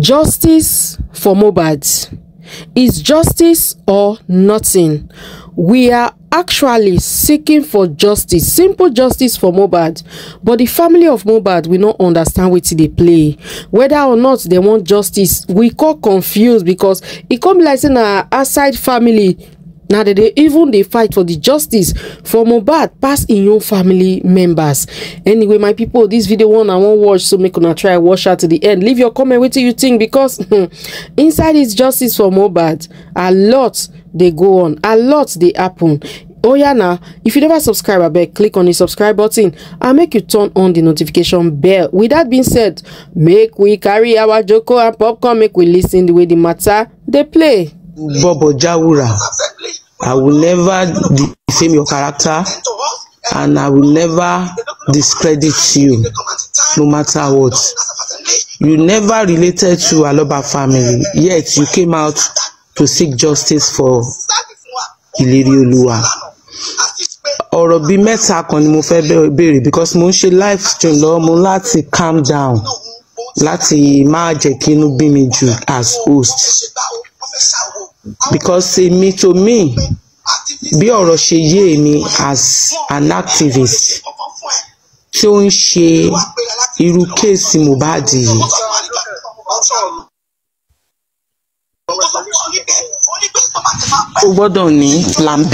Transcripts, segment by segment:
Justice for Mobad. is justice or nothing. We are actually seeking for justice, simple justice for Mobad. But the family of Mobad, we no understand wetin they play. Whether or not they want justice, we come confused because it e comes like in na aside family na dem dey even dey fight for di justice for mohbad pass im own family members anyway my pipo dis video one i wan watch so make una try watch out to di end leave your comment wetin you think because hmm, inside dis justice for mohbad a lot dey go on a lot dey happen oya oh, na if you never subscribe abeg click on the subscribe button and make you turn on the notification bell with that being said make we carry our joko and popcorn make we lis ten the way the matter dey play. bobo jawura I will never defame your character and I will never discredit you no matter what. You never related to Aloba family yet you came out to seek justice for Ilerioluwa. ọ̀rọ̀ bíi mẹ́ta kan ni mo fẹ́ béèrè because mo ń ṣe live stream lọ́wọ́ mo láti calm down láti má jẹ́ kí inú bí mi jù as host because èmi to me bí ọ̀rọ̀ ṣe yé èmi as an activist tí ó ń ṣe irú kéèsì Mohbad yìí. o gbọ́dọ̀ ní plan B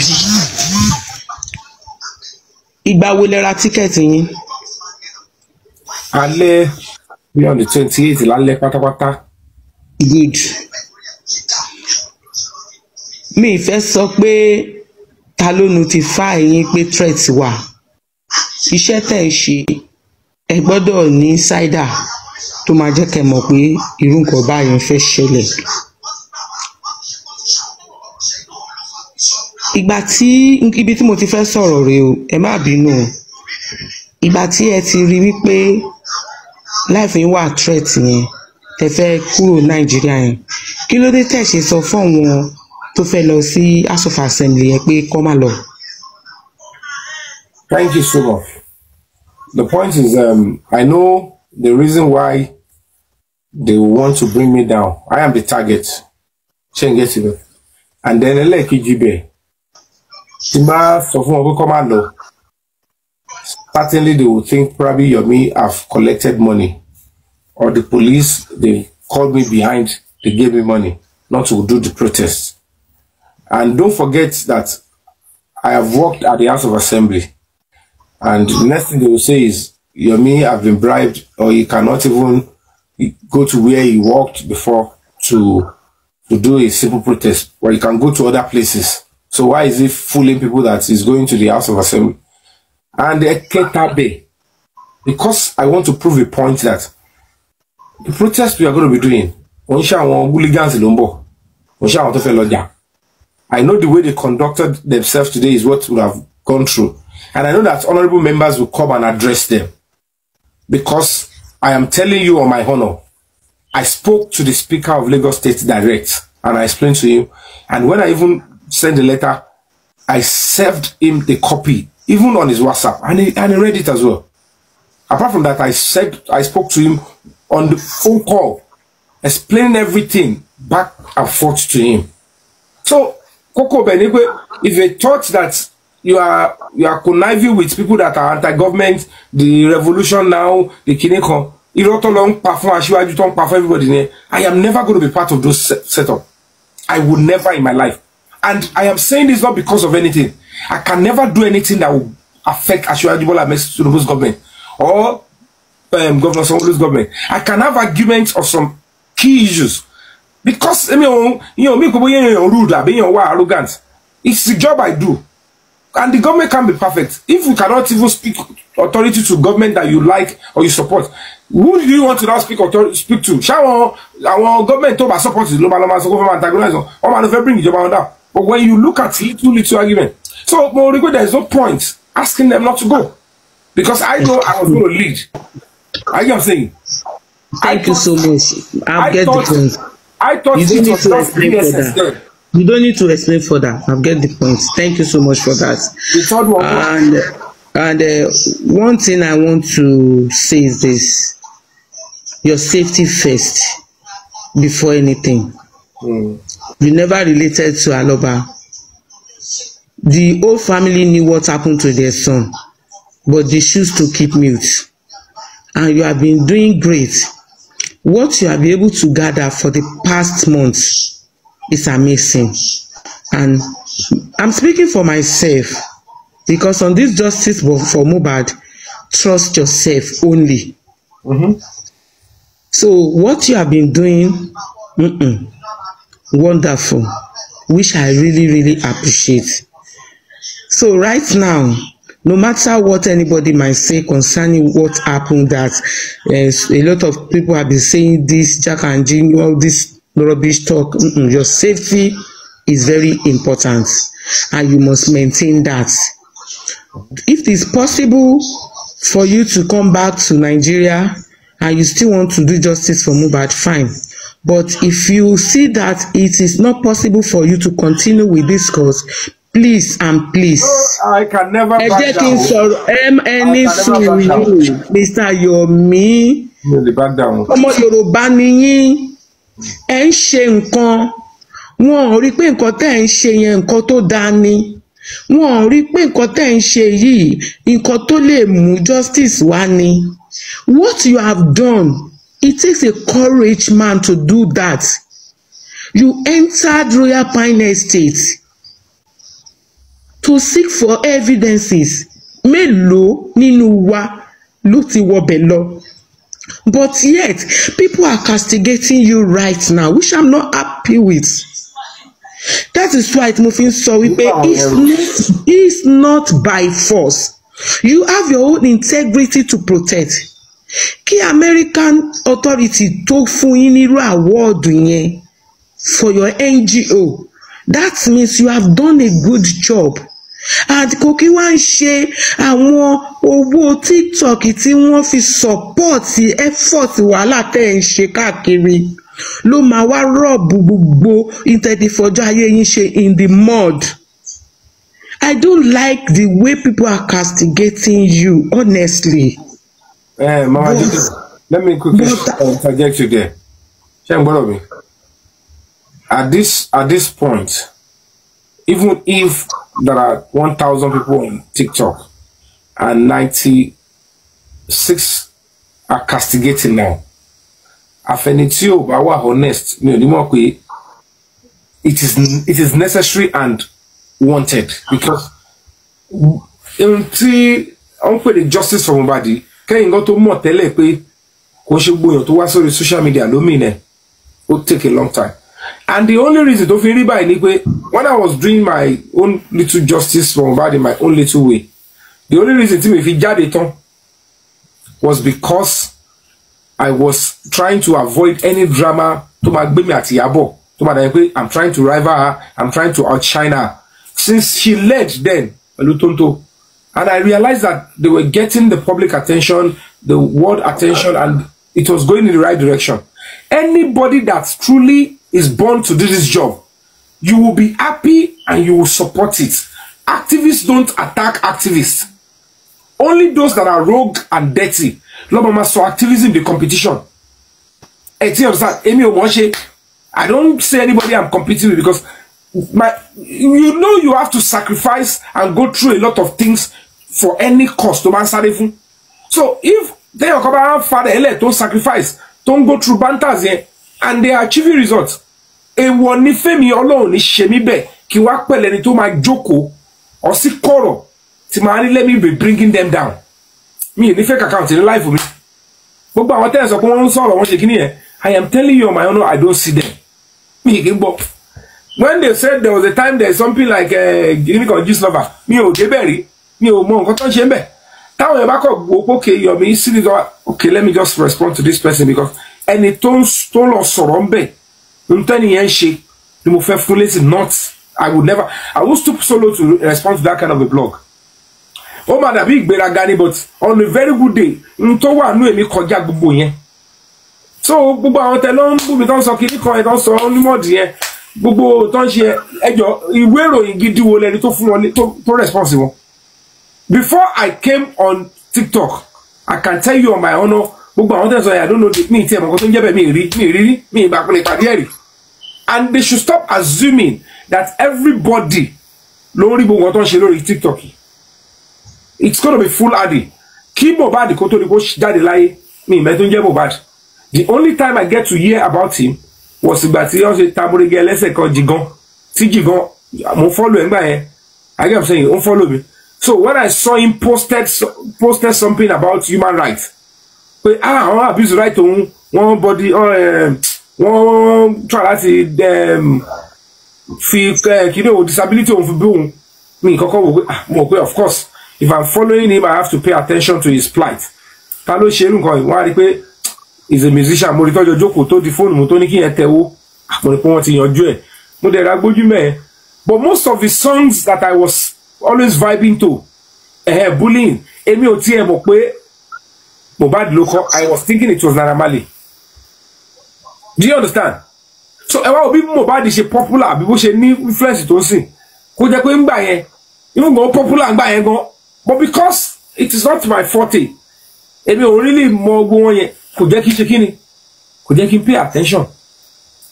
ìgbà wo lẹ ra tíkẹ́ẹ̀tì yín. alẹ́ bí on the twenty eight lálẹ́ pátápátá. good mi fẹ́ sọ pé ta ló notify yín pé threat wà iṣẹ́ tẹ̀ ń ṣe ẹ gbọ́dọ̀ ní insider tó máa jẹ́ kẹ́ mọ̀ pé irú nǹkan báyìí ń fẹ́ ṣẹlẹ̀. ìgbà tí ibi tí mo ti fẹ́ sọ̀rọ̀ rèé o ẹ má bínú o ìgbà tí ẹ ti rí wípé life yín wà threat yẹn tẹ fẹ́ kúrò nàìjíríà yẹn kí ló dé tẹ̀ ṣe sọ fún àwọn tó fẹ́ lọ sí house assembly yẹn pé kọ́ má lọ. Thank you so much. The point is, um, I know the reason why they want to bring me down. I am the target. Ṣé n And then ẹlẹ́ẹ̀kejì bẹ̀, tí n bá sọ fún wọn pé kọ́ máa lọ, certainly they will think probably Yomi have collected money or the police they called me behind, they gave me money not to do the protest. And don't forget that I have worked at the House of Assembly. And the next thing they will say is, you Yomi have been bribed or you cannot even go to where you worked before to to do a simple protest where you can go to other places. So why is it fooling people that is going to the House of Assembly? And Eketabe, because I want to prove a point that the protest we are going to be doing, wọ́n ṣe àwọn hooligans ló ń bọ̀, wọ́n ṣe àwọn I know the way they conducted themselves today is what would have gone through. And I know that honorable members will come and address them. Because I am telling you on my honor, I spoke to the Speaker of Lagos State direct and I explained to him. And when I even sent the letter, I served him the copy, even on his WhatsApp, and he, and he read it as well. Apart from that, I said I spoke to him on the phone call, explaining everything back and forth to him. So kókó bẹ̀ ni pé if a church that you are you are conniving with people that are anti-government the revolution now the kini kan irọ́ tó lọ ń pa fún aṣíwájú tó ń pa fún everybody nìyẹn I am never gonna be part of those setup I will never in my life and I am saying this not because of anything I can never do anything that will affect aṣíwájú Bọ́lá Ahmed Tinubu's government or um, Governor Sanwo-Olu's government I can have arguments on some key issues because èmi ò yan mi kò bóyá èèyàn rude àbí èèyàn wà arrogant it's the job I do and the government can be perfect if we cannot even speak authority to government that you like or you support who do you want to now speak authority speak to ṣáwọn Our government tó bá support the máa lọ máa sọ kó fẹ́ máa bring ìjọba wọn down but when you look at little little argument so mo rí there is no point asking them not to go because I know I was going to lead I get what I'm saying. thank I you so much I get the point. I thought you it was just BSS then. You don't need to explain further. I've get the point. Thank you so much for that. The third one. And and uh, one thing I want to say is this: your safety first before anything. Mm. You never related to Aloba. The whole family knew what happened to their son, but they choose to keep mute. And you have been doing great what you have been able to gather for the past months is amazing and i'm speaking for myself because on this justice for Mohbad trust yourself only mm-hmm. so what you have been doing mm-mm, wonderful which i really really appreciate so right now no matter what anybody might say concerning what happened that uh, a lot of people have been saying this Jack and Jim all this rubbish talk mm -mm, your safety is very important and you must maintain that if it's possible for you to come back to Nigeria and you still want to do justice for Mubad, fine but if you see that it is not possible for you to continue with this cause please and please. Oh, ẹ jẹ́ kí n sọ̀rọ̀ ẹni sùúrù mr yomi ọmọ yorùbá ni yín ẹ ń ṣe nǹkan wọn ò rí pé nǹkan tẹ́ ẹ ń ṣe yẹn nǹkan tó dáa ni wọn ò rí pé nǹkan tẹ́ ẹ ń ṣe yìí nǹkan tó lè mú justice wá ni what you have done it takes a courage man to do that you entered royal pine estate to seek for evidences mélòó nínú wa ló ti wọbẹ̀ lọ but yet people are castigating you right now which i'm not happy with that is why mo fi ń sọ wípé it's not it's not by force you have your own integrity to protect kí American authority tó fún yín nírú award yẹn for your NGO that means you have done a good job and Koiki wá ń ṣe àwọn owó tiktok tí wọ́n fi sọ́pọ́ọ̀tì effort wàhálà tẹ̀ ń ṣe káàkiri ló máa wá rọ̀bù gbogbo ìtẹ̀dífọ́jọ́ ayé yín ṣe in the mud. I don't like the way people are castigating you honestly. Ẹ hey, Mama Jide, let me quickly interject you there. Ṣé n gbọ́dọ̀ mi? At this at this point, even if that are 1,000 people on TikTok and 96 are castigating now. Àfẹni tí ò bá honest mi ò ní mọ̀ pé it is it is necessary and wanted because until tí wọ́n pè ní justice for Mohbad kẹ́yìn kan tó mọ̀ tẹ́lẹ̀ pé kò ṣe gbóyàn tó wá sórí social media lómìnira ó take a long time and the only reason tó feel rí báyìí ni when i was doing my own little justice for Mohbad in my own little way the only reason tí mi fi jáde tán was because i was trying to avoid any drama to máa me mi àti Ìyábọ̀ tó i'm trying to rival her i'm trying to outshine her since she led then pẹ̀lú and i realized that they were getting the public attention the world attention and it was going in the right direction anybody that truly is born to do this job, you will be happy and you will support it. Activists don't attack activists. Only those that are rogue and dirty. Lord Mama activism the competition. I don't say anybody I'm competing with because my you know you have to sacrifice and go through a lot of things for any cause to man sáré So if they are coming around father elect don't sacrifice, don't go through banters here, and they are achieving results èèwọ̀ ní fẹ́mi ọlọ́run ní ṣe mí bẹ́ẹ̀ kí wá pẹ̀lẹ́ ni tó joko jókòó ọ̀sí kọ̀rọ̀ tí màá ní let me be bringing them down mi ì nífẹ̀ẹ́ kàkà ọ̀tí ní láìfò mi gbogbo àwọn tẹ́lẹ̀ sọ pé wọ́n ń sọ̀rọ̀ wọ́n ṣe kí nìyẹn I am telling you on my own I don't see them mi ì kí gbọ́ when they said there was a time there is something like guinea corn juice lover mi ò débẹ̀ rí mi ò mọ nǹkan tó ń ṣe ń bẹ̀ táwọn yẹn bá kọ̀ gbogbo òkè yọ̀mí sí okay let me just respond to this person because ẹni tó ń lọ sọ̀rọ̀ ń bẹ̀ ntẹniyẹn ṣe ni mo fẹ́ fún lẹ́sìn not i would never i won't stoop so low to respond to that kind of a blog Oh, my, that big ìgbéraga ni but on a very good day n tó wà nú èmi kọjá gbogbo yẹn so gbogbo àwọn tẹ ló ń bùbí tó ń sọ kíní kan ẹ tó ń sọ onímọ̀dì yẹn gbogbo tó ń ṣe ẹjọ ìwé ìròyìn gidi wo lẹni tó fún wọn tó response wọn before i came on tiktok i can tell you on my honour gbogbo àwọn tẹ̀sán yà lónìí mi ti ẹ̀mọ̀kọ́ tó ń jẹ́bẹ̀ mi rí mi rí mi ìgbà pínlẹ̀ ìpàdé ẹ̀rí and they should stop assuming that everybody lórí gbogbo ọ̀tọ́ ṣe lórí tiktok it's gonna be foolhardy kí Mohbad kó tó di kó jáde láyé mi ìmẹ́ tó ń jẹ́ Mohbad the only time I get to hear about him was ìgbà tí wọ́n ṣe taborege ẹlẹ́sẹ̀ kan jìgan tí jìgan mo follow ẹ̀ ńgbà yẹn I get what saying ó ń follow mi so when I saw him posted posted something about human rights pé ah, àwọn abuse right òun wọ́n body wọ́n eh, try láti fi eh, kíni òun disability òun fi bí òun mi kọ́kọ́ wò pé ah, mo pé of course if i'm following him i have to pay attention to his plight ta ló ṣe irú nǹkan yìí wọ́n pé is a musician mo rí tọ́jọ́ jókòó tó di fóònù mo tó ní kí yẹn tẹ̀wó ah, mo rí pé wọ́n ti yanjú ẹ̀ mo dẹ̀ ra gbójú mẹ́ẹ̀ but most of the songs that i was always vibing to eh, bullying èmi ò tiẹ̀ mọ̀ pé Mohbad ló I was thinking it was Naramali. do you understand so ẹ wá wo bí Mohbad ṣe popular People bó ṣe influence tó ń sìn kó jẹ́ pé ńgbà yẹn even gan popular ńgbà yẹn gan but because it is not my forte èmi ò really mọ go on. yẹn kò jẹ́ kí n ṣe kí pay attention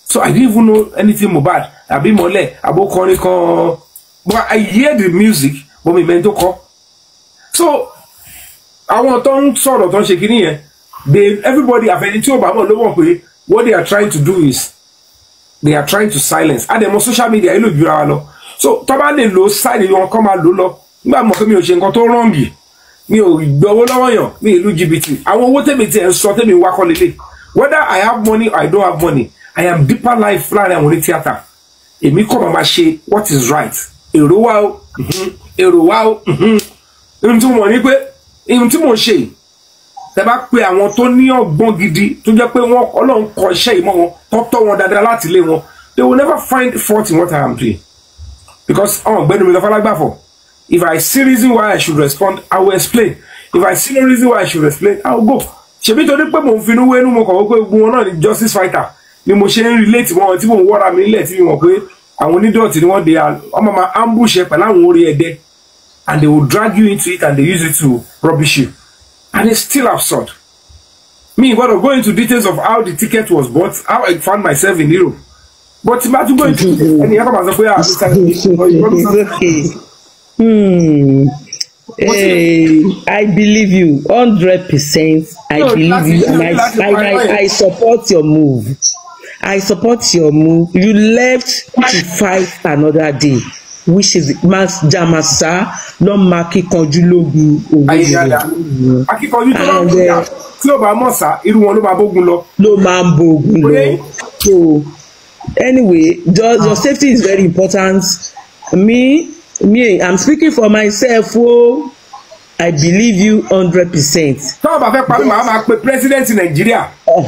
so I didn't even know anything Mohbad àbí mọ̀lẹ́ àbókọrin kan but I hear the music but mi mẹ́ni tó so àwọn tó ń sọ̀rọ̀ tó ń ṣe kínní yẹn they everybody àfẹni tí ò ló mọ̀ pé what they are trying to do is they are trying to silence àdèmọ social media yìí ló jura wa lọ so tó bá lè lo sáìlì wọn kọ́ máa lò lọ nígbà mọ̀ pé mi ò ṣe nǹkan tó rọ̀ǹgì mi ò gbowó lọ́wọ́ yàn mi ìlú jìbìtì àwọn owó tèmi tiẹ̀ ń sọ tèmi wákọ́ lélẹ̀ whether i have money or i don't have money i am deeper life láàrin àwọn onítìátà èmi kọ́ máa ma ṣe what is right èrò wa o èrò wa o ohun tí mo mọ̀ ni pé ohun tí mò ń ṣe tẹ bá pe àwọn tó ní ọgbọ́n gidi tó jẹ́ pé wọ́n ọlọ́run kọ iṣẹ́ ìmọ̀ wọn tọ́tọ́ wọn dáadáa láti ilé wọn they will never find fault in what I am doing because ọ̀n gbẹ́nu mi lọ́fọ́lá gbà fọ̀ if I see reason why I should respond I will explain if I see no reason why I should explain I will go ṣebí torí pé mò ń finú wẹ́nu mo kàn wọ́n pé egun wọn náà ni justice fighter ni mo ṣe ń relate wọn tí mò ń wọ́ra mi nílẹ̀ tí mi mọ̀ pé àwọn onídọ̀tí ni wọ́n de ọmọ máa ambush ẹ pẹ̀lú àwọn orí ẹ̀dẹ́ and they will drag you into it and they use it to rubbish you. And it's still absurd. Me, what I'll go into details of how the ticket was bought, how I found myself in Europe. But imagine going to any other person where I Hmm. Hey, eh, I believe you, hundred percent. I no, believe you, and I, I, I, I support your move. I support your move. You left to fight another day. Which is máa Jamasa? lọ́ máa kíkanjú lógun òwe rẹ̀. akíkanjú tó bá ń bóyá tí ó bá mọ̀ sá irú wọn ló máa bógun lọ. ló máa ń bógun lọ so anyway just your ah. safety is very important me me i'm speaking for myself o. Oh, I believe you hundred percent. tọ́ ọba fẹ́ parí màá máa pe president Nàìjíríà. ó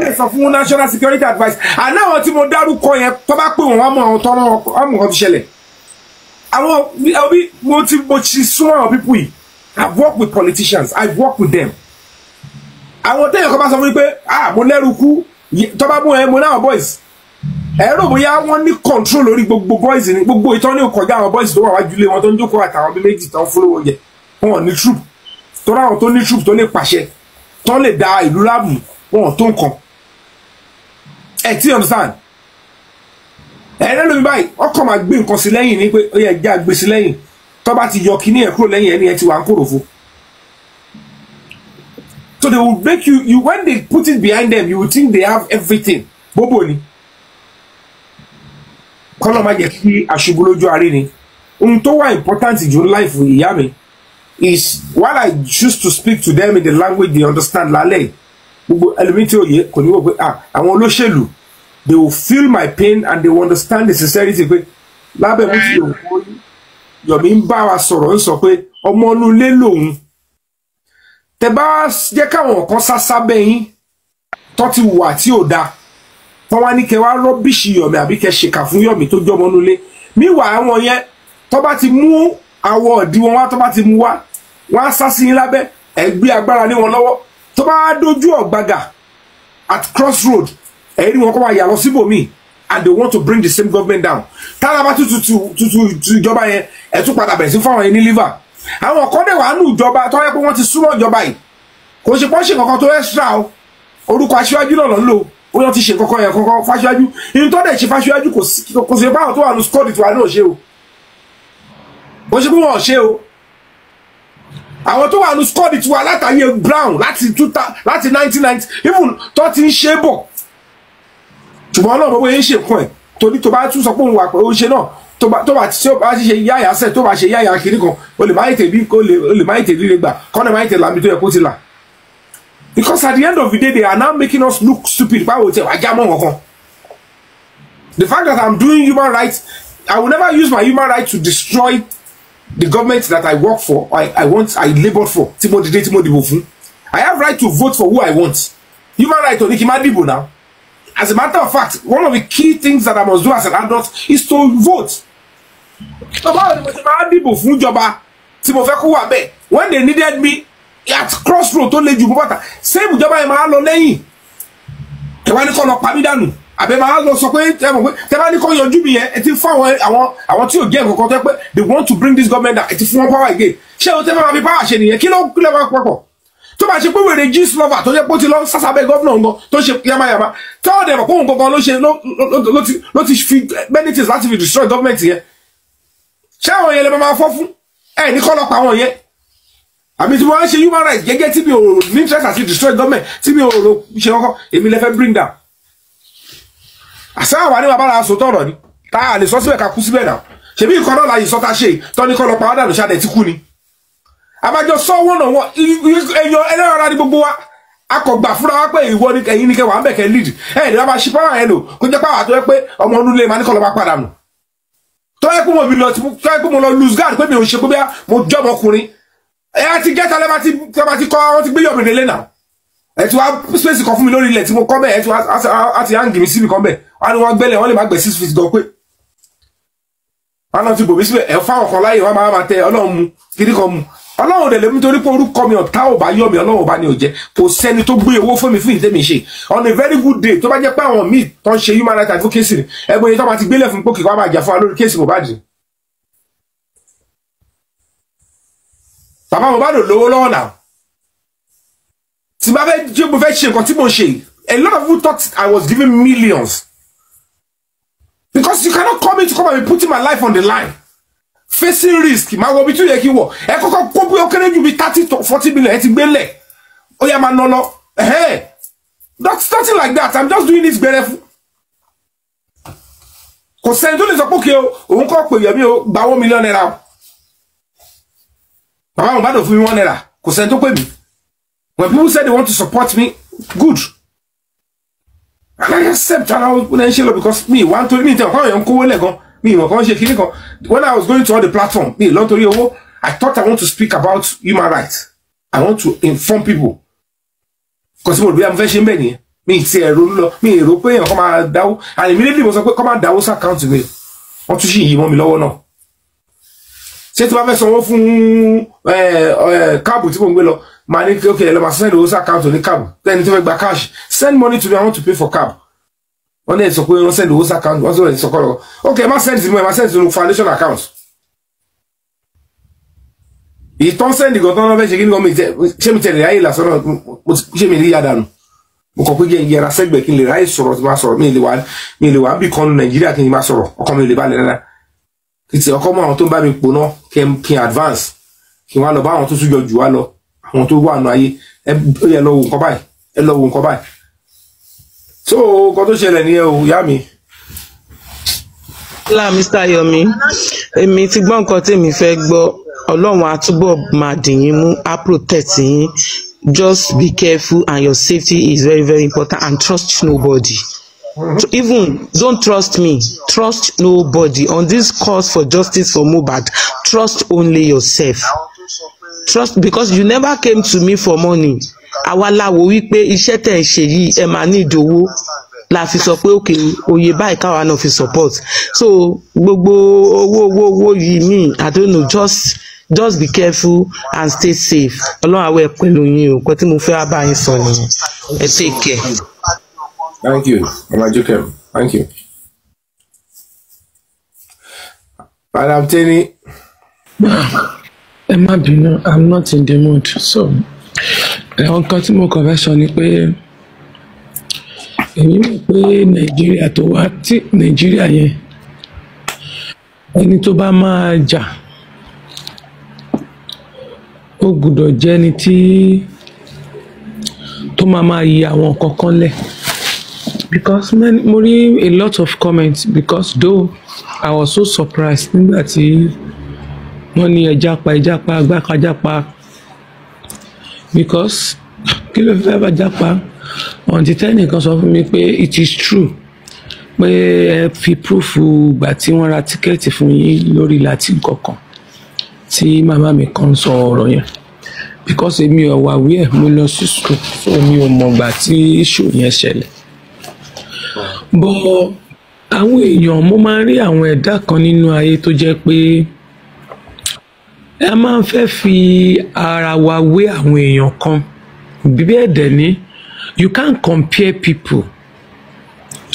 lè sọ fún national security advice àná àwọn tí mo dárúkọ yẹn tó bá pè wọ́n ọmọ ọ̀tọ́ ọmọ ọ̀tọ́ ṣẹlẹ̀. I bí be ti mo ti súnmọ́ àwọn pípù yìí I've worked with politicians I've worked with them àwọn téèyàn kan bá sọ fún mi pé ah mo lẹ́rù kú tó bá mú ẹ mo náà boys ẹ̀rọ bóyá wọ́n ní control lórí gbogbo boys ní gbogbo ìtọ́ ní òkọjá àwọn boys tó wà wájú lé wọn tó ń jókòó àtàwọn bí méjì tó ń fúnlówó jẹ wọn ò ní troop tó ráwọn tó ní troop tó lè pàṣẹ tó lè da ìlú láàmú wọn ò tó nǹkan ẹ ti understand ẹ̀rẹ́ lómi báyìí ọkọ̀ máa gbé nǹkan sí lẹ́yìn ní pé ó yẹ já gbé sí tó bá ti yọ kíní ẹ̀ kúrò lẹ́yìn ẹni ẹ ti wà ń kòròfo. so they will make you you when they put it behind them you will think they have everything bóbò ni kọ́lọ́ má jẹ́ kí aṣubú lójú arí ni ohun tó wà important jù ní life ìyá mi is while I choose to speak to them in the language they understand lálẹ́ gbogbo ẹlòmíì tí ò yé kò ní wò pé ah, àwọn olóṣèlú they will feel my pain and they will understand the sincerity pé lábẹ́ bó ti lòun kó Yọ̀mí ń bá wa sọ̀rọ̀ ń sọ pé ọmọ inú ilé lòun tẹ bá jẹ́ káwọn kan sá sábẹ́ yín tó ti wà tí ò dáa tọ́ wá ní kẹ wá rọ́bìṣì Yọ̀mí àbí kẹ ṣèkà fún Yọ̀mí tó jọmọ inú ilé míwà àwọn yẹn tó bá ti mú àwọ̀ ọ̀dí wọn wá tó bá ti mú wá wọn á sá yín lábẹ́ ẹ̀ agbára lé wọn lọ́wọ́ tó bá dójú ọ̀gbaga at crossroad ẹ rí wọn kọ́ wá yà lọ síbòmíì and they want to bring the same government down tára bá tuntun tuntun ìjọba yẹn ẹ tún padà bẹ̀rẹ̀ sí fáwọn yẹn ní liver àwọn kan dẹ̀ wà nù ìjọba tó yẹ pé wọ́n ti súnmọ́ ìjọba yìí kò ṣe pọ́ṣẹ̀ kankan tó extra o orúkọ aṣíwájú náà lọ́n lò ó yọ ti ṣe kankan yẹn kankan fáṣíwájú ní tó dẹ̀ ṣe fáṣíwájú kò ṣe báwọn tó wà nù skọ́ọ̀dì tó wà náà ṣe o bó ṣe pé wọ́n ṣe o àwọn tó wà nù skọ́ọ̀dì tó wà látàyè Brown láti 1990 even tó ti ń ṣe bọ̀ ṣùgbọ́n ọlọ́run bó bóyá ń ṣe ẹ̀ torí tó bá tún sọ pé òun wà pé ó ṣe náà tó bá tí ó bá ṣe yáyà sẹ tó bá ṣe yáyà kiri kan o lè má ètè bí o o lè má ètè líle gbà kọ́nà má ètè làmì tó yẹ kó ti là. because at the end of the day they are now making us look stupid báwo tẹ wá já mọ́ wọn kan. the fact that i'm doing human rights i will never use my human rights to destroy the government that i work for i i want i labour for tí mo dìde tí mo dìbò fún i have right to vote for who i want human rights ò ní kí n má dìbò náà as a matter of fact one of the key things that i must do as an adult is to vote when they needed me at crossroad tó le jù mú bàtà same job I am lọ lẹ́yìn tẹ̀wá ní kọ́ lọ pa mí dànù àbẹ máa lọ sọ pé tẹ mọ̀ pé tẹ bá they want to bring this government down ẹ ti power again ṣé o tẹ́ fẹ́ máa fi power ṣe tó bá ṣe pé wèrè gist lover tó jẹ́ pé ó ti lọ sásábẹ́ gọ́vnà ńgọ́ tó ṣe yamayama táwọn dẹ̀rọ̀ kóhùn kankan ló ṣe ló ti fi many things láti fi destroy government yẹn ṣé àwọn yẹn lè máa fọ́ fún ẹ̀ ní kọ́ lọ pa àwọn yẹn àmì tí wọ́n ṣe human rights gẹ́gẹ́ tí mi ò ní interest àti destroy government tí mi ò rò ṣe kọ́kọ́ èmi lè fẹ́ bring down àṣà àwa ní bàbá ra aṣọ tọ̀rọ̀ ni tá a lè sọ síbẹ̀ ká kú síbẹ̀ náà ṣèbí ìkọ́ náà láyé sọ́ta ṣe tọ́ ní kọ́ lọ pa ọ́dà lọ́ṣà dẹ̀ tí kú ni àbájọ sọ wọ́nà wọn èèyàn ẹlẹ́rọ̀ra ni gbogbo wa akọ̀gbà fúnra wa pé ìwọ ni ẹ̀yin ni kẹ́ wà ń bẹ̀kẹ́ lead ẹ̀ ẹ̀ lọ́ba ṣí pàwọ̀ yẹn lò kó jẹ́ pàwọ̀ àtọ́ pé ọmọ ọdún lè máa ní kọ́lọ́ bá padà nù tọ́ ẹ pé mo lọ tọ́ ẹ pé mo lọ lose guard pé mi ò ṣe pé bí mo jọ́ ọmọkùnrin ẹ á ti gẹ́ta lẹ́ba ti lẹ́ba ti kọ́ wọ́n ti gbé yọ̀mìnrin lẹ́nà ẹ ti wá space kan fún mi lórí ilẹ̀ tí mo kọ́ bẹ́ẹ̀ ẹ ti wá á ti hang mi sí mi kan bẹ́ẹ̀ wọ́n ni wọ́n gbẹ́lẹ̀ wọ́n lè má gbẹ́ six feet gan pé wọ́n náà ti bò mí síbẹ̀ ẹ̀ fáwọn kan láyè wọ́n máa máa tẹ ọlọ́run mu kiri kan mu ọlọ́run dẹ̀ lè mú torí pé orúkọ mi ọ̀tá ò bá yọ mi ọlọ́run ọba ni ò jẹ́ kò sẹ́ni tó gbé owó fún mi fún ìdẹ́mi ṣe on a very good day tó bá jẹ́ pé àwọn míì tó ń ṣe human rights advocacy ni ẹgbẹ́ yẹn tó bá ti gbélé fún pókè kó bá jà fún wa lórí kéèsì Mohbad. bàbá Mohbad ò lówó lọ́wọ́ náà tí bá fẹ́ jẹ́ mo fẹ́ ṣe nǹkan tí mo ṣe a lot of people thought I was given millions because you cannot come in to come and be putting my life on the line facing risk máa wọ bí tí ó yẹ kí wọ ẹ kọ́kọ́ kó bí ó kéré jù bí thirty to forty million ẹ ti gbé lẹ̀ ó yẹ máa ná lọ that's nothing like that i'm just doing this gbẹrẹ fún kò sẹ́ni tó lè sọ pé kí o òun kọ́ pè yẹ̀mí o gba one million naira o bàbá mi bá dò fún one naira kò sẹ́ni tó pè mí when people say they want to support me good and i accept ara wọn ṣe because me want to torí mi How you come ń kówó gan Me, ìmọ̀ kan ṣe kinní when i was going to all the platform me, ìlọ́ torí owó i thought i want to speak about human rights i want to inform people Because sí mo rò bí i fẹ́ ṣe me bẹ̀ nìyẹn mi ì tiẹ̀ ronú lọ mi ì rò and immediately mo sọ pé kọ́ máa dáwó sí account mi wọ́n tún ṣì yí mọ́ mi lọ́wọ́ náà ṣé tí wọ́n fẹ́ sanwó fún káàbù eh, eh, tí mò ń gbé lọ màá ní kí ó kẹ́ ẹ send owó sí àkáǹtì ní káàbù ẹni tó fẹ́ gba cash send money to me i want to pay for cab wọ́n lè sọ pé wọ́n send owó sí account wọ́n sọ̀rọ̀ ìsọkọ̀ lọ ok ẹ send sí mi ẹ má send sí foundation account ìtàn send gan tán lọ́fẹ́ ṣe kí ni wọ́n mi tẹ ṣé mi tẹ̀lé ráyè lásán náà ṣé mi rí yàdánù mo kàn pé jẹ́ yẹra sẹ́gbẹ̀ẹ́ kí n lè ráyè sọ̀rọ̀ tí ma sọ̀rọ̀ mi lè wà mi lè wà bí kan nàìjíríà kí n ma sọ̀rọ̀ ọkọ mi lè balẹ̀ dáadáa títí ọkọ mọ àwọn tó ń bá mi pò náà kí n kí n advance kí n wá lọ bá àwọn tó tún jọ jù wá lọ àwọn tó wà nù ayé ẹ lọ wo nǹkan báyìí ẹ lọ wo nǹkan báyìí so nǹkan tó ṣẹlẹ̀ nìyẹn o ìyá mi. lá mr yomi èmi ti gbọ́ nǹkan tèmi fẹ́ gbọ́ ọlọ́run á túbọ̀ máa dìyín mú á protect yín just be careful and your safety is very very important and trust nobody. even don't trust me trust nobody on this cause for justice for Mohbad trust only yourself trust because you never came to me for money àwa la wò wípé iṣẹ́ tẹ̀ ń ṣe yìí ẹ máa ní ìdòwó la fi sọ pé òkè oyè báyìí káwa náà fi support so gbogbo owó owó owó yìí mi i don't know just just be careful and stay safe ọlọ́run àwọ̀ ẹ̀ pẹ̀lú yín o nǹkan tí mo fẹ́ wá bá yín sọ nìyẹn ẹ take care. thank you mama joke thank you. madam teni. Ah, ẹ má bínú i'm not in the mood so ẹ̀wọ̀n kan tí mo kàn fẹ́ sọ ni pé èmi mọ̀ pé nàìjíríà tó wá tí nàìjíríà yẹn ẹni tó bá máa jà ó gbọ́dọ̀ jẹ́ ẹni tí tó máa máa yí àwọn kankan lẹ̀ because many, mo rí a lot of comments because though I was so surprised nígbà tí wọ́n ní ẹja pa ẹja pa agbákajá pa because kí ló fẹ́ bá jápa ọ̀ǹtí tẹ́nìkan sọ fún mi pé it is true pé ẹ fi púrúfù gbà tí wọ́n ra tíkẹ́ẹ̀tì fún yín lórí latin kọ̀ọ̀kan tí màmá mi kan sọ ọ̀rọ̀ yẹn because èmi ò wà wí ẹ̀ mo lọ sí school so mi ò mọ̀gbà tí iṣu yẹn ṣẹlẹ̀ bọ́ àwọn èèyàn mo máa ń rí àwọn ẹ̀dá kan nínú ayé tó jẹ́ pé a máa ń fẹ́ fi ara wa wé àwọn èèyàn kan bíbí ẹ̀dẹ̀ ni you can't compare people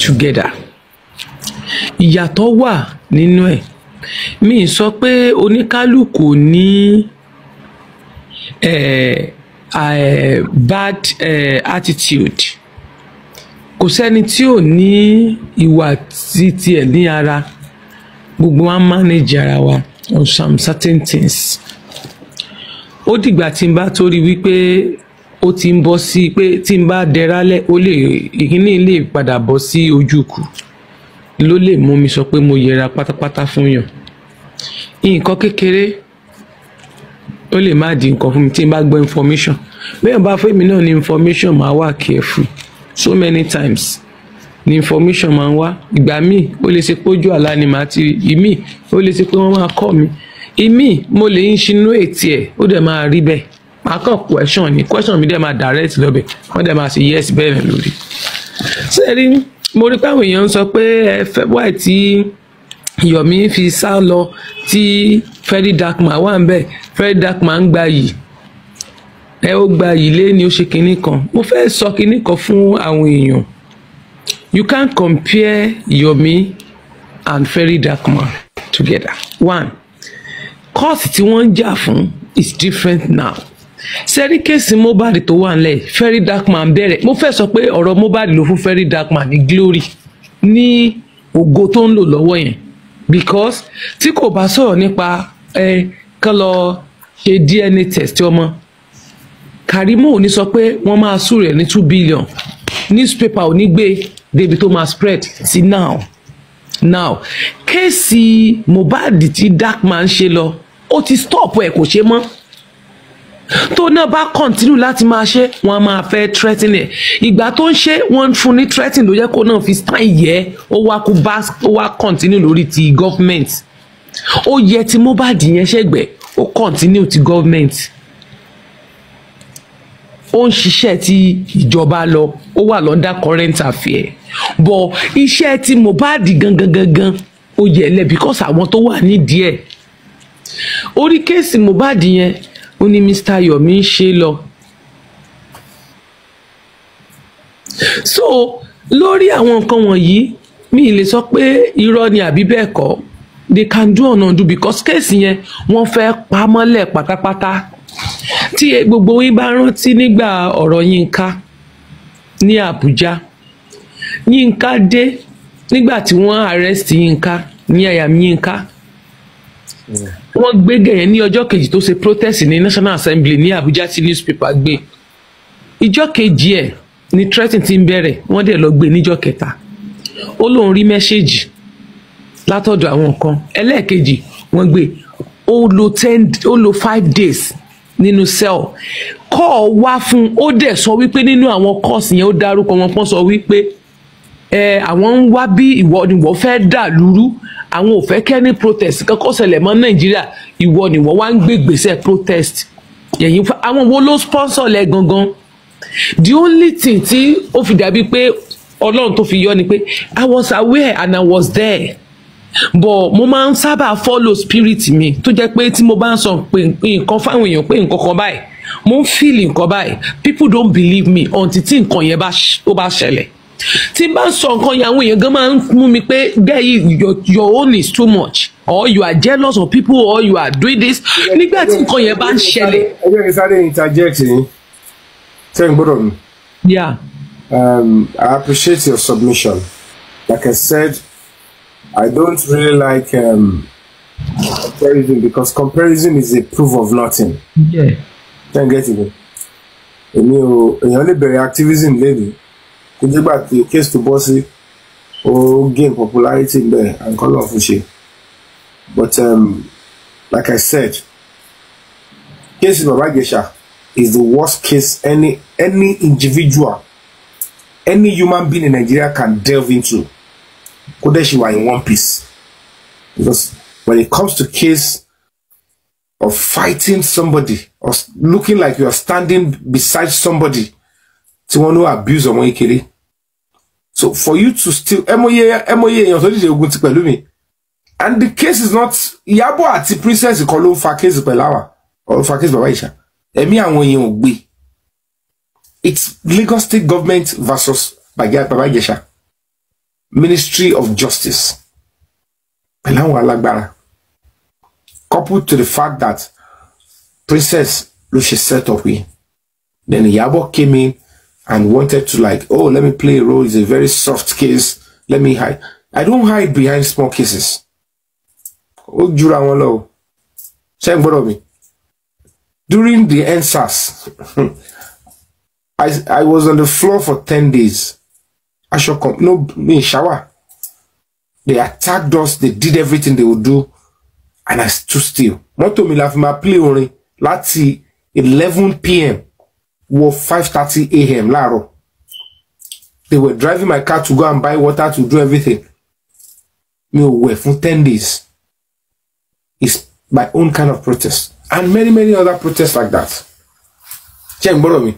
together ìyàtọ̀ wà nínú ẹ̀ mi sọ pé oníkálukú ní bad eh, attitude kò sẹ́ni tí ò ní ìwà títí ẹ̀ ní ara gbogbo wa manage ara wa on some certain things ó dìgbà tí n bá torí wípé ó ti ń bọ́ sí pé tí n bá dẹra lẹ̀ ó lè ìkíní lè padà bọ́ sí ojú kù ló lè mú mi sọ pé mo yẹra pátápátá fún yàn nǹkan kékeré ó lè má di nǹkan fún mi tí n bá gbọ́ information bẹ́ẹ̀ bá fún mi náà ní information màá wà careful so many times ni information máa ń wá ìgbà míì ó lè ṣe pójú àlá ni màá ti ìmí ó lè ṣe pé wọ́n máa kọ́ mi ìmí mo lè ń ṣinú ètì ẹ̀ ó dẹ̀ máa rí bẹ́ẹ̀ màá kàn question ni question mi dẹ̀ máa direct lọ́bẹ̀ wọ́n dẹ̀ máa ṣe yes bẹ́ẹ̀ lórí. sẹ́ẹ̀rí mo rí páwọn èèyàn ń sọ pé ẹ tí Yomi fi sá lọ tí Freddy Darkman wà ń bẹ̀ Freddy Darkman ń gba yìí ẹ ó gba yìí lé ní ó ṣe kan mo fẹ́ sọ kinní kan fún àwọn èèyàn You can't compare Yomi and Ferry Darkman together. One, cause tí wọ́n ń jà is different now. Sẹ́rí kéèsì Mohbad tó wà nílẹ̀ Ferry Darkman bẹ̀rẹ̀ mo fẹ́ sọ pé ọ̀rọ̀ Mohbad ló fún Ferry Darkman ní glory ní ògo tó ń lò lọ́wọ́ yẹn because tí kò bá sọ̀rọ̀ nípa ẹ kán lọ ṣe DNA test ọmọ Karimo ò ní sọ pé wọ́n máa sùn rẹ̀ ní two billion newspaper ò ní gbé débi tó máa spread sí now now kéèsì Mohbad tí Darkman ṣe lọ ó ti stop ẹ kò ṣe mọ́ tó náà bá kọ̀ntínú láti máa ṣe wọn a máa fẹ́ threaten ẹ̀ ìgbà tó ń ṣe wọ́n ń fún ní threaten ló yẹ kó náà fi stein yẹ ó wá kó bá ó wá kọ̀ntínú lórí ti government ó yẹ ti Mohbad yẹn ṣẹ̀gbẹ́ ó continue ti government ó ń ṣiṣẹ́ ti ìjọba lọ ó wà lọ́ndà current affair bọ̀ iṣẹ́ tí Mohbad gangan gangan ó yẹ lẹ́ because àwọn tó wà nídìí ẹ̀ orí kéèsì Mohbad yẹn ó ní Mr. Yomi ń ṣe lọ so lórí àwọn nǹkan wọ̀nyí mi ì lè sọ pé irọ́ ni àbí bẹ́ẹ̀ kọ́ they can do ọ̀nà do because kéèsì yẹn wọ́n fẹ́ pamọ́lẹ̀ pátápátá tí gbogbo yín bá rántí nígbà ọ̀rọ̀ Yínká ní Àbújá yínká dé nígbà tí wọ́n arrest yínká ní àyà yínká hmm. wọ́n gbé gẹ̀yẹ́ ní ọjọ́ kejì tó ṣe protest ní National Assembly ní Abuja tí newspaper gbé ìjọ́ kejì ẹ̀ ni threatening ti ń bẹ̀rẹ̀ wọ́n dẹ̀ lọ gbé níjọ́ kẹta ó lóun rí mẹ́ṣẹ́jì látọ̀dọ̀ àwọn kan ẹlẹ́ẹ̀kejì wọ́n gbé ó lò ten ó lò five days nínú cell kọ́ọ̀ wá fún ó dẹ̀ sọ wípé nínú àwọn course yẹn ó dárúkọ wọn pọ́n sọ wípé ẹ àwọn ń wá bí ìwọ ni wọ́n fẹ́ dà lúrú àwọn ò fẹ́ kẹ́ ní protest kankan ṣẹlẹ̀ mọ́ nàìjíríà ìwọ ni wọ́n wá ń gbé gbèsè protest yẹ̀yìn àwọn wo ló sponsor lẹ gangan the only thing tí ó fi dàbí pé ọlọ́run tó fi yọ ni pé i was aware and i was there but mo máa ń sábà follow spirit mi tó jẹ́ pé tí mo bá ń sọ pé nǹkan fáwọn èèyàn pé nǹkan kan báyìí mo ń feel nǹkan báyìí people don't believe me until tí nǹkan yẹn ó bá ṣẹlẹ̀ tí bá ń sọ nǹkan yẹn àwọn èèyàn gan máa ń mú mi pé gẹ́yì your own is too much or you are jealous of people or you are doing this nígbà tí nǹkan yẹn bá ń ṣẹlẹ̀. ẹ jẹ́ sáré interject yín ṣé n gbọ́dọ̀ mi. yeah. Um, I appreciate your submission. Like I said, I don't really like um, comparison because comparison is a proof of nothing. Yeah. Can't get it. Èmi ò èèyàn lè bẹ̀rẹ̀ activism lẹ́nu tó jẹ́ gbà tí case tó bọ́ sí ó gain popularity ń bẹ̀ and kọ́ lọ́ọ̀ fún ṣe but um, like I said case Baba Ijesha is the worst case any any individual any human being in Nigeria can delve into kó dẹ̀ ṣe wà in one piece because when it comes to case of fighting somebody or looking like you are standing beside somebody tí wọ́n ló abuse ọmọ kékeré so for you to still ẹ mọ iye ẹ mọ iye èèyàn tó ogun ti pẹ̀lú mi and the case is not Ìyábọ̀ àti princess kan ló ń fa case pẹ̀lú àwa ó ń fa case bàbá ìṣà ẹ̀mí àwọn èèyàn ò gbé it's Lagos state government versus Baba ìjẹ̀ṣà ministry of justice pẹ̀lú àwọn alágbára coupled to the fact that princess ló ṣe set up yìí then Yabo came in and wanted to like, oh, let me play a role. It's a very soft kiss. Let me hide. I don't hide behind small kisses. Ó jura wọn lọ o. Ṣé During the NSAS, I, I was on the floor for 10 days. I Aṣọ kan, no, me shower. They attacked us. They did everything they would do. And I stood still. Mọ́tò to me fi máa play only. Let's see, 11 p.m wọ five thirty a.m. láàárọ̀ they were driving my car to go and buy water to do everything Me, ò wẹ̀ fún ten days it's my own kind of protest and many many other protests like that ṣé n gbọ́dọ̀ mi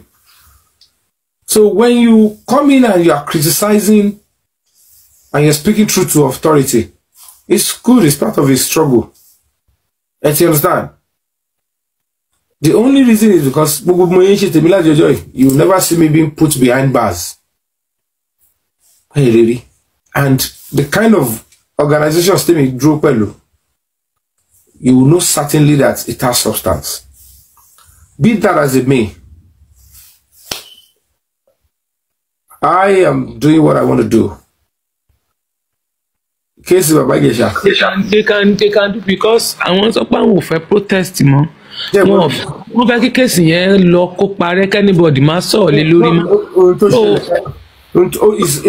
so when you come in and you are criticizing and you're speaking truth to authority it's good it's part of a struggle and you understand the only reason is because gbogbo mo yẹn ṣe tèmi láti ọjọ́ yìí you never see me being put behind bars èrèrè and the kind of organization tèmi dúró pẹ̀lú you will know certainly that it has substance be that as it may I am doing what I want to do kéésì bàbá ìjẹsà. they can they can do because àwọn sọ pé àwọn ò fẹ́ protest mọ́ wọ́n fẹ́ kí kéèsì yẹn lọ kó parẹ́ kẹ́nìbọ̀dì máa sọ̀rọ̀ lé lórí mọ́.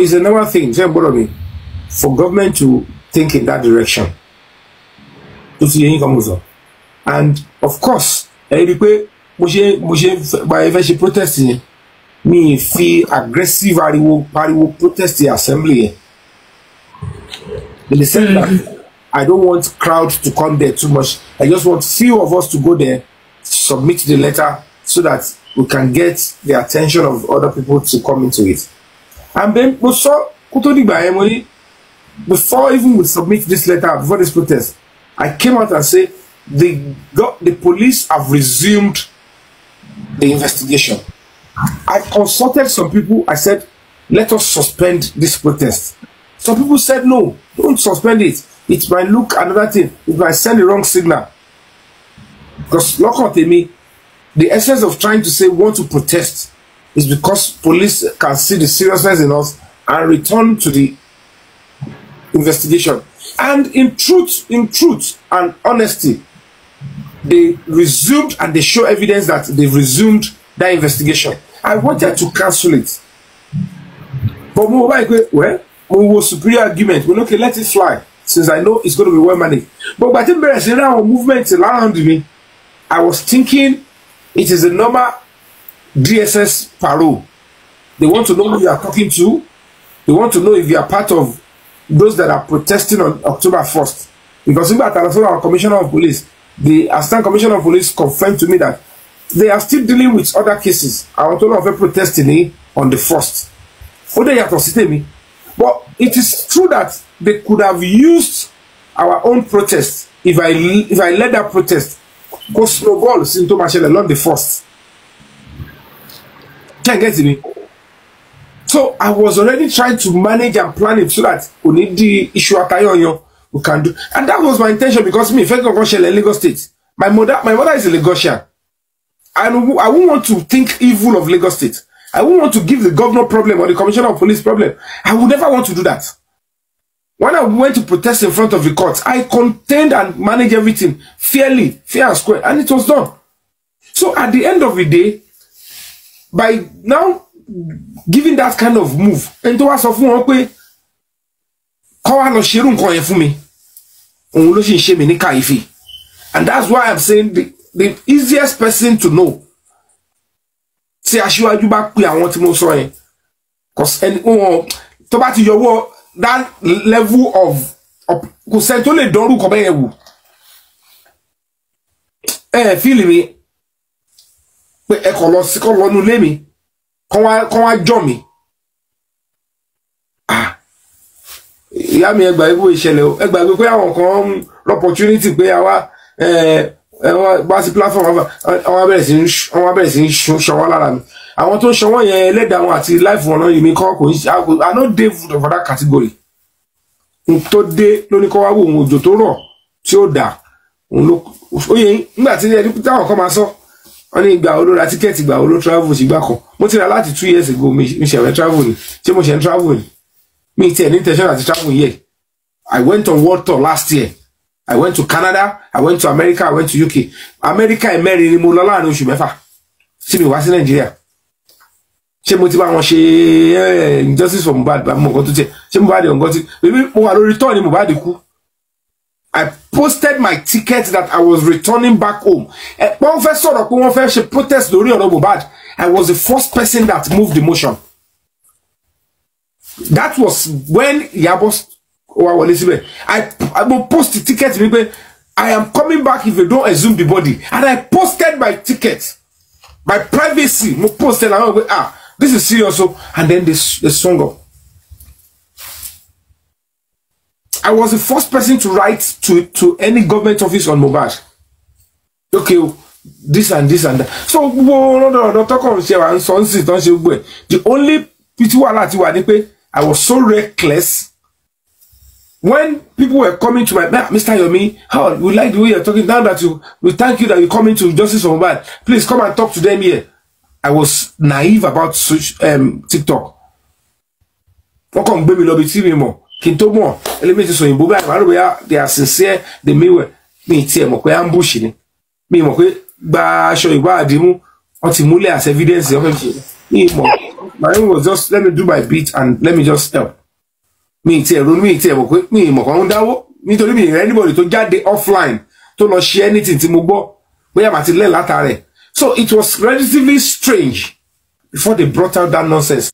is another thing ṣe n mi for government to think in that direction tó ti yẹ yín kan sọ and of course ẹ rí i pé mo ṣe mo ṣe gba ẹ fẹ́ ṣe protest yẹn mi fi aggressive ariwo pariwo protest assembly yẹn. in the sense that mm-hmm. I don't want crowd to come there too much. I just want few of us to go there, submit the letter so that we can get the attention of other people to come into it. And then mo sọ kó tó before even we submit this letter before this protest I came out and say the the police have resumed the investigation. I consulted some people. I said, let us suspend this protest. Some people said, no, don't suspend it it might look another thing it might send the wrong signal because look lọ́kàn me, the essence of trying to say want to protest is because police can see the seriousness in us and return to the investigation and in truth in truth and honesty they resumed and they show evidence that they resumed that investigation i wanted to cancel it but mo wá ìpè wẹ́ mo wo superior argument We're okay let it fly since I know it's going to be well managed. But by the bẹ̀rẹ̀ sí ra àwọn movement around me, I was thinking it is a normal DSS parole. They want to know who you are talking to. They want to know if you are part of those that are protesting on October first. Because nígbà tá a lọ sọ́dọ̀ our commissioner of police, the assistant commissioner of police confirmed to me that they are still dealing with other cases. Àwọn tó náà fẹ́ protest ní on the first. st Ó dẹ̀ yàtọ̀ sí tèmi. But it is true that they could have used our own protest if I if I led that protest go snowball sí Machele, máa ṣẹlẹ̀ lọ́n the first can get me so I was already trying to manage and plan it so that kò ní di iṣu atayanyan we can do and that was my intention because me ìfẹ́ kankan ṣẹlẹ̀ Lagos state my mother my mother is a Lagosian and I won't want to think evil of Lagos state I won't want to give the governor problem or the commissioner of police problem I would never want to do that When I went to protest in front of the courts, I contained and managed everything fairly, fair and square, and it was done. So at the end of the day, by now giving that kind of move, ẹni tó wá sọ fún wọn pé kọ́ wa lọ ṣerú nǹkan yẹn fún mi, òun ló ṣì ń ṣe mí ní kàyéfì. And that's why I'm saying the, the easiest person to know tí aṣíwájú bá pe àwọn tí mo sọ yẹn, cause ẹni wọn tó bá ti yọwọ́ that level of kò sẹ́ni tó lè dánrù kọ́ bẹ́ẹ̀ wò ẹ fíìlì mi pé ẹ kọ̀ lọ sí kọ́ lọ́nu ilé mi kọ́ wá jọ̀ mí ah. ìyá mi ẹgbàá ikú ìṣẹ̀lẹ̀ o ẹgbàá pé àwọn kan ń lọ́pọ̀tunity pé àwa bá sí platform àwọn abẹ́rẹ́ sí ń ṣọwọ́ lára mi àwọn tó ń ṣọwọ́ yẹn ẹlẹ́dàá wọn àti life wọn náà èmi kọ́ kò ń ṣe i no dey for that category tó dé lóní kọ́ wá wò òun òjò tó rọ̀ tí ó dà òun ló ó yẹ nígbà tí ẹni táwọn kan máa sọ wọn ní ìgbà olóra tíkẹ́ẹ̀tì ìgbà olóró travel ṣùgbà kan mo ti rà láti two years ago mi ṣẹ̀rẹ̀ travel ni ṣé mo ṣẹ̀ ń travel ni mi tiẹ̀ ní intention àti travel yẹ i went on world tour last year I went to Canada, I went to America, I went to UK. America ẹ̀mẹ́rin ni mo lọ láàrin oṣù mẹ́fà tí mi wá sí Nàìjíríà ṣé mo ti bá wọn ṣe eh, injustice for Mohbad bá mọ nǹkan tó tiẹ̀ ṣé Mohbad yọ nǹkan tí bíbí mo wà lórí tọ́ọ̀ ni Mohbad kú I posted my ticket that I was returning back home wọ́n fẹ́ sọ̀rọ̀ pé wọ́n fẹ́ ṣe protest lórí ọ̀rọ̀ Mohbad I was the first person that moved the motion that was when Iyabo wa wọlé síbẹ̀ I I mo post the ticket mi pé I am coming back if you don't exhume the body and I posted my ticket my privacy mo post ẹ̀ ah This is serious. And then this, the song of I was the first person to write to, to any government office on Mohbad. Okay, oh, this and this and that. So, the only pity wàhálà I was so reckless when people were coming to my ah, Mr. Yomi, how we like the way you're talking. Now that you we thank you that you're coming to Justice for Mohbad, please come and talk to them here. I was naive about such, um, TikTok. Welcome, baby. Love gbé mi lọ more. tí mi mọ̀ kí n tó mọ̀ ẹlẹ́mìí ti sọ they are sincere they mean well mi tiẹ̀ mọ̀ pé ambush ni mi mọ̀ pé gba aṣọ ìwà àdìmú wọ́n ti múlẹ̀ as evidence Me, fi my own was just let me do my bit and let me just help Me, tiẹ̀ ronú mi tiẹ̀ mọ̀ pé mi mọ̀ kàn ń dáwó nítorí mi ìrẹ́ anybody tó jáde offline to not share anything To mo gbọ́ bóyá màá ti lẹ́ẹ̀ látara rẹ̀ So it was relatively strange before they brought out that nonsense.